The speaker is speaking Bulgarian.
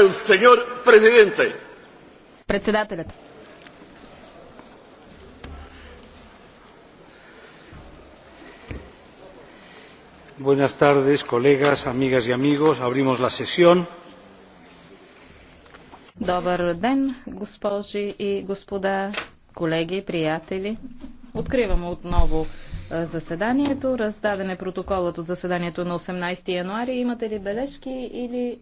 el señor presidente. Председателят. Buenas tardes, colegas, amigas y amigos. Abrimos la sesión. Добър ден, госпожи и господа, колеги, приятели. Откривам отново заседанието. Раздаден е протоколът от заседанието на 18 януари. Имате ли бележки или